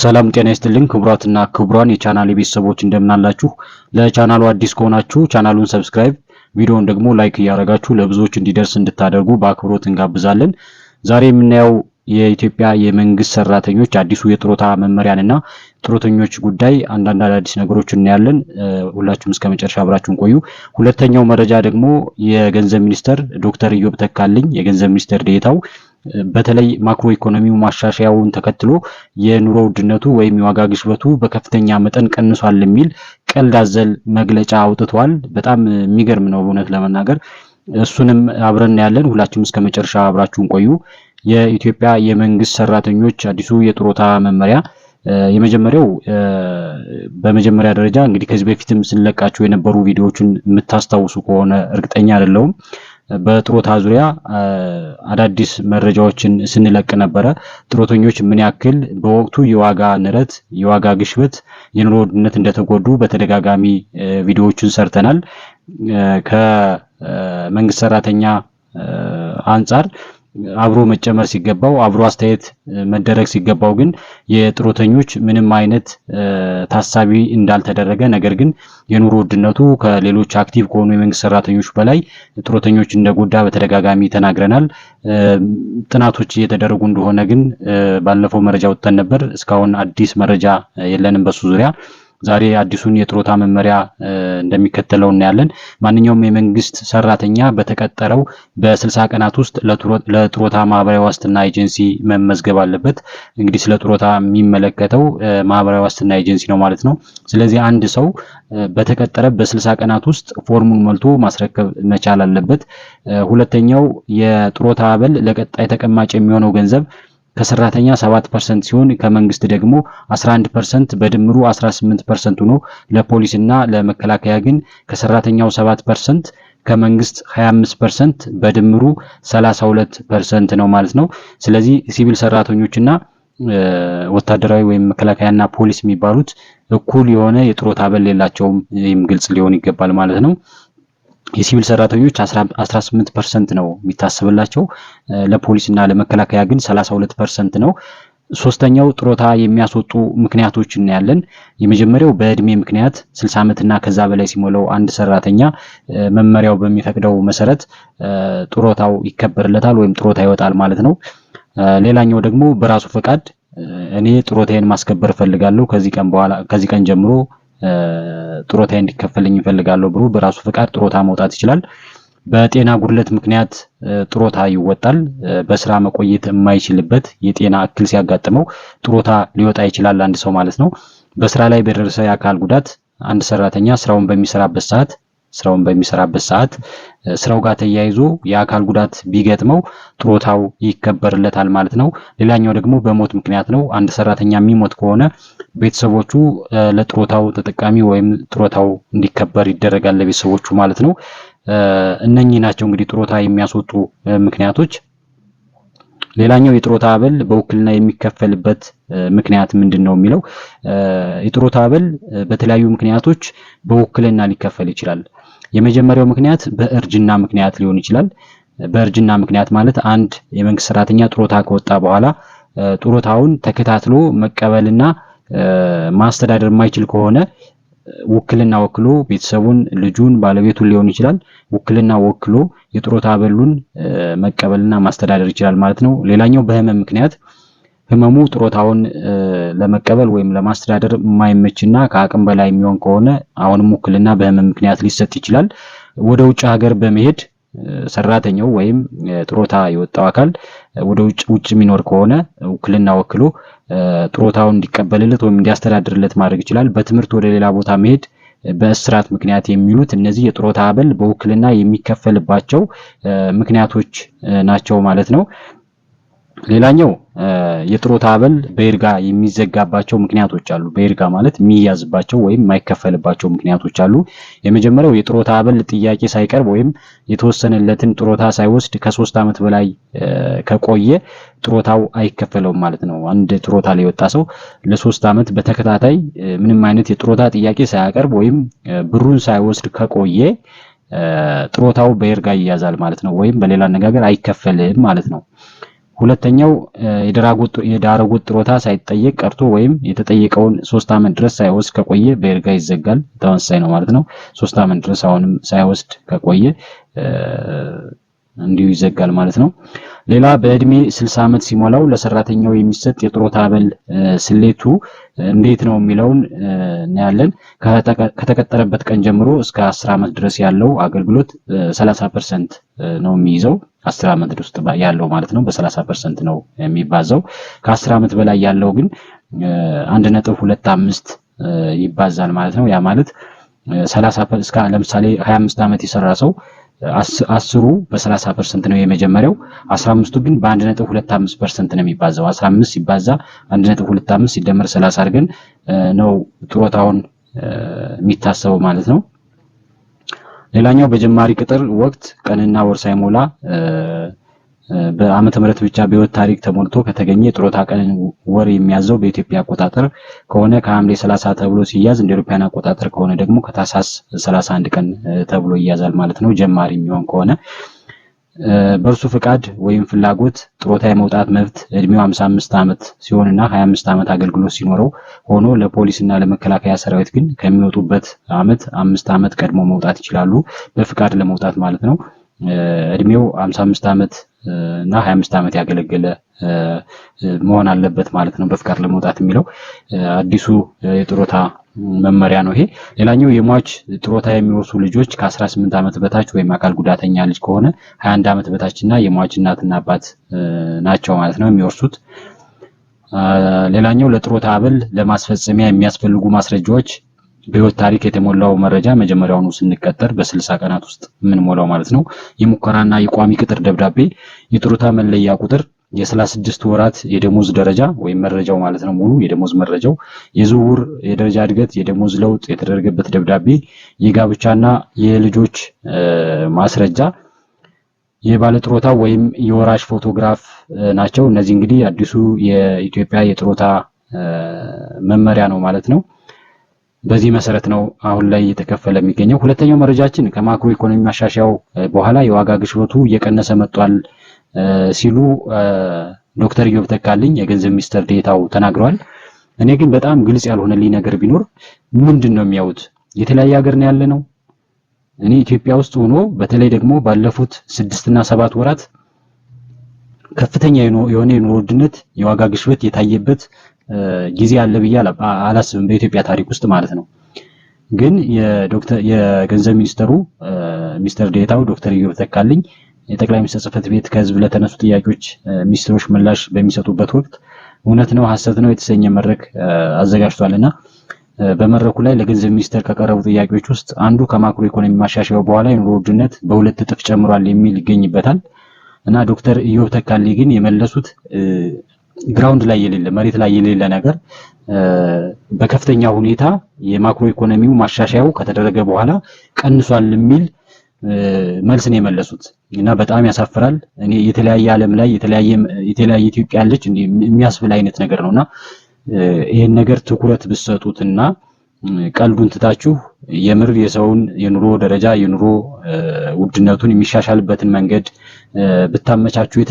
ሰላም ጤና ይስጥልኝ ክቡራትና ክቡራን የቻናል ቤተሰቦች እንደምናላችሁ። ለቻናሉ አዲስ ከሆናችሁ ቻናሉን ሰብስክራይብ፣ ቪዲዮውን ደግሞ ላይክ እያደረጋችሁ ለብዙዎች እንዲደርስ እንድታደርጉ በአክብሮት እንጋብዛለን። ዛሬ የምናየው የኢትዮጵያ የመንግስት ሰራተኞች አዲሱ የጥሮታ መመሪያንና ጥሮተኞች ጉዳይ አንዳንድ አዳዲስ ነገሮች እናያለን። ሁላችሁም እስከ መጨረሻ አብራችሁን ቆዩ። ሁለተኛው መረጃ ደግሞ የገንዘብ ሚኒስተር ዶክተር ኢዮብ ተካልኝ የገንዘብ ሚኒስተር ዴታው በተለይ ማክሮ ኢኮኖሚው ማሻሻያውን ተከትሎ የኑሮ ውድነቱ ወይም የዋጋ ግሽበቱ በከፍተኛ መጠን ቀንሷል የሚል ቀልድ አዘል መግለጫ አውጥቷል። በጣም የሚገርም ነው እውነት ለመናገር እሱንም አብረን ያለን ሁላችሁም እስከ መጨረሻ አብራችሁን ቆዩ። የኢትዮጵያ የመንግስት ሰራተኞች አዲሱ የጥሮታ መመሪያ የመጀመሪያው በመጀመሪያ ደረጃ እንግዲህ ከዚህ በፊትም ስንለቃቸው የነበሩ ቪዲዮዎችን የምታስታውሱ ከሆነ እርግጠኛ አይደለሁም በጥሮታ ዙሪያ አዳዲስ መረጃዎችን ስንለቅ ነበረ። ጥሮተኞች ምን ያክል በወቅቱ የዋጋ ንረት፣ የዋጋ ግሽበት፣ የኑሮ ውድነት እንደተጎዱ በተደጋጋሚ ቪዲዮዎችን ሰርተናል። ከመንግስት ሰራተኛ አንጻር አብሮ መጨመር ሲገባው አብሮ አስተያየት መደረግ ሲገባው ግን የጡረተኞች ምንም አይነት ታሳቢ እንዳልተደረገ ነገር ግን የኑሮ ውድነቱ ከሌሎች አክቲቭ ከሆኑ የመንግስት ሰራተኞች በላይ ጡረተኞች እንደጎዳ በተደጋጋሚ ተናግረናል። ጥናቶች እየተደረጉ እንደሆነ ግን ባለፈው መረጃ ወጥተን ነበር። እስካሁን አዲስ መረጃ የለንም በሱ ዙሪያ። ዛሬ አዲሱን የጥሮታ መመሪያ እንደሚከተለው እናያለን። ማንኛውም የመንግስት ሰራተኛ በተቀጠረው በስልሳ ቀናት ውስጥ ለጥሮታ ማህበራዊ ዋስትና ኤጀንሲ መመዝገብ አለበት። እንግዲህ ስለ ጥሮታ የሚመለከተው ማህበራዊ ዋስትና ኤጀንሲ ነው ማለት ነው። ስለዚህ አንድ ሰው በተቀጠረ በስልሳ ቀናት ውስጥ ፎርሙን ሞልቶ ማስረከብ መቻል አለበት። ሁለተኛው የጥሮታ አበል ለቀጣይ ተቀማጭ የሚሆነው ገንዘብ ከሰራተኛ 7% ሲሆን ከመንግስት ደግሞ 11% በድምሩ 18% ሆኖ ለፖሊስና ለመከላከያ ግን ከሰራተኛው 7% ከመንግስት 25% በድምሩ 32% ነው ማለት ነው። ስለዚህ ሲቪል ሰራተኞችና ወታደራዊ ወይም መከላከያና ፖሊስ የሚባሉት እኩል የሆነ የጥሮታ አበል የላቸውም። ይህም ግልጽ ሊሆን ይገባል ማለት ነው። የሲቪል ሰራተኞች 18 ፐርሰንት ነው የሚታሰብላቸው። ለፖሊስና ለመከላከያ ግን 32 ፐርሰንት ነው። ሶስተኛው ጥሮታ የሚያስወጡ ምክንያቶች እናያለን። የመጀመሪያው በእድሜ ምክንያት 60 ዓመትና ከዛ በላይ ሲሞላው አንድ ሰራተኛ መመሪያው በሚፈቅደው መሰረት ጥሮታው ይከበርለታል ወይም ጥሮታ ይወጣል ማለት ነው። ሌላኛው ደግሞ በራሱ ፈቃድ እኔ ጥሮታዬን ማስከበር እፈልጋለሁ ከዚህ ቀን በኋላ ከዚህ ቀን ጀምሮ ጥሮታ እንዲከፈልኝ ይፈልጋለሁ ብሎ በራሱ ፈቃድ ጥሮታ መውጣት ይችላል። በጤና ጉድለት ምክንያት ጥሮታ ይወጣል። በስራ መቆየት የማይችልበት የጤና እክል ሲያጋጥመው ጥሮታ ሊወጣ ይችላል አንድ ሰው ማለት ነው። በስራ ላይ በደረሰ የአካል ጉዳት አንድ ሰራተኛ ስራውን በሚሰራበት ሰዓት ስራውን በሚሰራበት ሰዓት ስራው ጋር ተያይዞ የአካል ጉዳት ቢገጥመው ጥሮታው ይከበርለታል ማለት ነው። ሌላኛው ደግሞ በሞት ምክንያት ነው። አንድ ሰራተኛ የሚሞት ከሆነ ቤተሰቦቹ ለጥሮታው ተጠቃሚ ወይም ጥሮታው እንዲከበር ይደረጋል ለቤተሰቦቹ ማለት ነው። እነኚህ ናቸው እንግዲህ ጥሮታ የሚያስወጡ ምክንያቶች። ሌላኛው የጥሮታ አበል በውክልና የሚከፈልበት ምክንያት ምንድን ነው የሚለው የጥሮታ አበል በተለያዩ ምክንያቶች በውክልና ሊከፈል ይችላል። የመጀመሪያው ምክንያት በእርጅና ምክንያት ሊሆን ይችላል። በእርጅና ምክንያት ማለት አንድ የመንግስት ሰራተኛ ጥሮታ ከወጣ በኋላ ጥሮታውን ተከታትሎ መቀበልና ማስተዳደር የማይችል ከሆነ ውክልና ወክሎ ቤተሰቡን፣ ልጁን፣ ባለቤቱን ሊሆን ይችላል። ውክልና ወክሎ የጡረታ አበሉን መቀበልና ማስተዳደር ይችላል ማለት ነው። ሌላኛው በህመም ምክንያት ህመሙ ጡረታውን ለመቀበል ወይም ለማስተዳደር የማይመችና ከአቅም በላይ የሚሆን ከሆነ አሁንም ውክልና በህመም ምክንያት ሊሰጥ ይችላል። ወደ ውጭ ሀገር በመሄድ ሰራተኛው ወይም ጥሮታ የወጣው አካል ወደ ውጭ ውጭ የሚኖር ከሆነ ውክልና ወክሎ ጥሮታውን እንዲቀበልለት ወይም እንዲያስተዳድርለት ማድረግ ይችላል። በትምህርት ወደ ሌላ ቦታ መሄድ በእስራት ምክንያት የሚሉት እነዚህ የጥሮታ አበል በውክልና የሚከፈልባቸው ምክንያቶች ናቸው ማለት ነው። ሌላኛው የጥሮታ አበል በይርጋ የሚዘጋባቸው ምክንያቶች አሉ። በይርጋ ማለት የሚያዝባቸው ወይም የማይከፈልባቸው ምክንያቶች አሉ። የመጀመሪያው የጥሮታ አበል ጥያቄ ሳይቀርብ ወይም የተወሰነለትን ጥሮታ ሳይወስድ ከሶስት ዓመት በላይ ከቆየ ጥሮታው አይከፈለውም ማለት ነው። አንድ ጥሮታ ላይ የወጣ ሰው ለሶስት ዓመት በተከታታይ ምንም አይነት የጥሮታ ጥያቄ ሳያቀርብ ወይም ብሩን ሳይወስድ ከቆየ ጥሮታው በይርጋ ይያዛል ማለት ነው። ወይም በሌላ አነጋገር አይከፈልም ማለት ነው። ሁለተኛው የዳረጎት ጥሮታ ሳይጠየቅ ቀርቶ ወይም የተጠየቀውን ሶስት ዓመት ድረስ ሳይወስድ ከቆየ በይርጋ ይዘጋል። ተመሳሳይ ነው ማለት ነው። ሶስት ዓመት ድረስ አሁንም ሳይወስድ ከቆየ እንዲሁ ይዘጋል ማለት ነው። ሌላ በእድሜ 60 ዓመት ሲሞላው ለሰራተኛው የሚሰጥ የጥሮታ አበል ስሌቱ እንዴት ነው የሚለውን እናያለን። ከተቀጠረበት ቀን ጀምሮ እስከ 10 ዓመት ድረስ ያለው አገልግሎት 30 ፐርሰንት ነው የሚይዘው። 10 ዓመት ውስጥ ያለው ማለት ነው በ30 ፐርሰንት ነው የሚባዛው። ከ10 ዓመት በላይ ያለው ግን 1.25 ይባዛል ማለት ነው። ያ ማለት 30 እስከ ለምሳሌ 25 ዓመት የሰራ ሰው አስሩ በ30 ፐርሰንት ነው የመጀመሪያው። 15ቱ ግን በ1.25 ፐርሰንት ነው የሚባዛው። 15 ሲባዛ 1.25 ሲደመር 30 አድርገን ነው ጥሮታውን የሚታሰበው ማለት ነው። ሌላኛው በጀማሪ ቅጥር ወቅት ቀንና ወር ሳይሞላ በዓመተ ምህረት ብቻ በህይወት ታሪክ ተሞልቶ ከተገኘ የጡረታ ቀን ወር የሚያዘው በኢትዮጵያ አቆጣጠር ከሆነ ከሐምሌ 30 ተብሎ ሲያዝ እንደ አውሮፓውያን አቆጣጠር ከሆነ ደግሞ ከታህሳስ 31 ቀን ተብሎ ይያዛል ማለት ነው። ጀማሪ የሚሆን ከሆነ በእርሱ ፍቃድ ወይም ፍላጎት ጡረታ የመውጣት መብት እድሜው 55 ዓመት ሲሆንና 25 ዓመት አገልግሎት ሲኖረው ሆኖ ለፖሊስና ለመከላከያ ሰራዊት ግን ከሚወጡበት ዓመት አምስት ዓመት ቀድሞ መውጣት ይችላሉ። በፍቃድ ለመውጣት ማለት ነው። እድሜው 55 ዓመት እና ሀያ አምስት ዓመት ያገለገለ መሆን አለበት ማለት ነው በፍቃድ ለመውጣት የሚለው አዲሱ የጥሮታ መመሪያ ነው ይሄ። ሌላኛው የሟች ጥሮታ የሚወርሱ ልጆች ከ18 ዓመት በታች ወይም አካል ጉዳተኛ ልጅ ከሆነ 21 ዓመት እና የሟች እናትና አባት ናቸው ማለት ነው የሚወርሱት። ሌላኛው ለጥሮታ አበል ለማስፈጸሚያ የሚያስፈልጉ ማስረጃዎች በህይወት ታሪክ የተሞላው መረጃ መጀመሪያውኑ ስንቀጠር በስልሳ ቀናት ውስጥ የምንሞላው ማለት ነው። የሙከራና የቋሚ ቅጥር ደብዳቤ፣ የጡረታ መለያ ቁጥር፣ የሰላሳ ስድስት ወራት የደሞዝ ደረጃ ወይም መረጃው ማለት ነው። ሙሉ የደሞዝ መረጃው፣ የዝውውር የደረጃ እድገት፣ የደሞዝ ለውጥ የተደረገበት ደብዳቤ፣ የጋብቻና የልጆች ማስረጃ የባለጥሮታ ወይም የወራሽ ፎቶግራፍ ናቸው። እነዚህ እንግዲህ አዲሱ የኢትዮጵያ የጥሮታ መመሪያ ነው ማለት ነው። በዚህ መሰረት ነው አሁን ላይ እየተከፈለ የሚገኘው። ሁለተኛው መረጃችን ከማክሮ ኢኮኖሚ ማሻሻያው በኋላ የዋጋ ግሽበቱ እየቀነሰ መጥቷል ሲሉ ዶክተር ኢዮብ ተካልኝ የገንዘብ ሚኒስትር ዴታው ተናግረዋል። እኔ ግን በጣም ግልጽ ያልሆነልኝ ነገር ቢኖር ምንድን ነው የሚያዩት? የተለያየ ሀገር ነው ያለ ነው። እኔ ኢትዮጵያ ውስጥ ሆኖ በተለይ ደግሞ ባለፉት ስድስትና ሰባት ወራት ከፍተኛ የሆነ የኑሮ ውድነት የዋጋ ግሽበት የታየበት ጊዜ አለ ብዬ አላስብም፣ በኢትዮጵያ ታሪክ ውስጥ ማለት ነው። ግን የዶክተር የገንዘብ ሚኒስትሩ ሚኒስትር ዴታው ዶክተር ኢዮብ ተካልኝ የጠቅላይ ሚኒስትር ጽህፈት ቤት ከህዝብ ለተነሱ ጥያቄዎች ሚኒስትሮች ምላሽ በሚሰጡበት ወቅት እውነት ነው ሀሰት ነው የተሰኘ መድረክ አዘጋጅቷልና በመድረኩ ላይ ለገንዘብ ሚኒስተር ከቀረቡ ጥያቄዎች ውስጥ አንዱ ከማክሮ ኢኮኖሚ ማሻሻያው በኋላ የኑሮ ውድነት በሁለት እጥፍ ጨምሯል የሚል ይገኝበታል እና ዶክተር ኢዮብ ተካልኝ ግን የመለሱት ግራውንድ ላይ የሌለ መሬት ላይ የሌለ ነገር በከፍተኛ ሁኔታ የማክሮ ኢኮኖሚው ማሻሻያው ከተደረገ በኋላ ቀንሷል የሚል መልስ ነው የመለሱት እና በጣም ያሳፍራል። እኔ የተለያየ ዓለም ላይ የተለያየ ኢትዮጵያ ያለች የሚያስብል አይነት ነገር ነው እና ይህን ነገር ትኩረት ብትሰጡትና ቀልዱን ትታችሁ የምር የሰውን የኑሮ ደረጃ የኑሮ ውድነቱን የሚሻሻልበትን መንገድ ብታመቻቹ